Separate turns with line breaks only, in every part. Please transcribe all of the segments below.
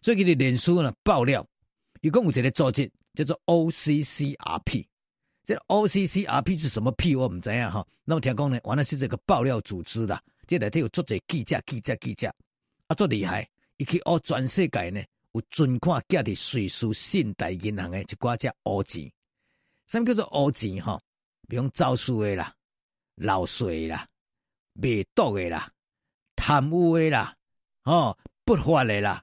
最近的連書呢爆料，一共有一個組織叫做 OCCRP，這個、OCCRP 是什麼屁我唔知啊哈。那麼聽講呢，原來是這個爆料組織啦，這個、裏底有足儕記者、記者、記者，啊，足厲害！一去哦，全世界呢有存款價值瑞士信貸銀行嘅一寡只烏錢，什麼叫做烏錢哈？比如走私嘅啦、撈水啦、賣毒嘅啦、貪污嘅啦、吼、哦、不法嘅啦。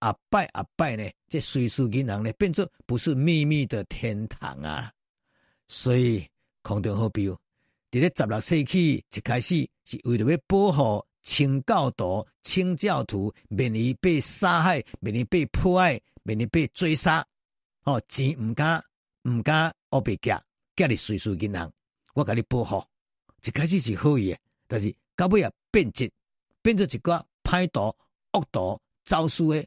啊，拜啊，拜呢？即瑞士銀行呢變做不是秘密的天堂啊！所以空中好比佇咧十六世紀一開始，是為咗要保護清，清教徒，清教徒免於被殺害，免於被迫害，免於被，被追殺。哦，錢毋敢毋敢，我俾夾格。你瑞士銀行，我甲你保護，一開始是好意嘅，但是到尾啊變質，變做一個歹徒惡徒走私誒。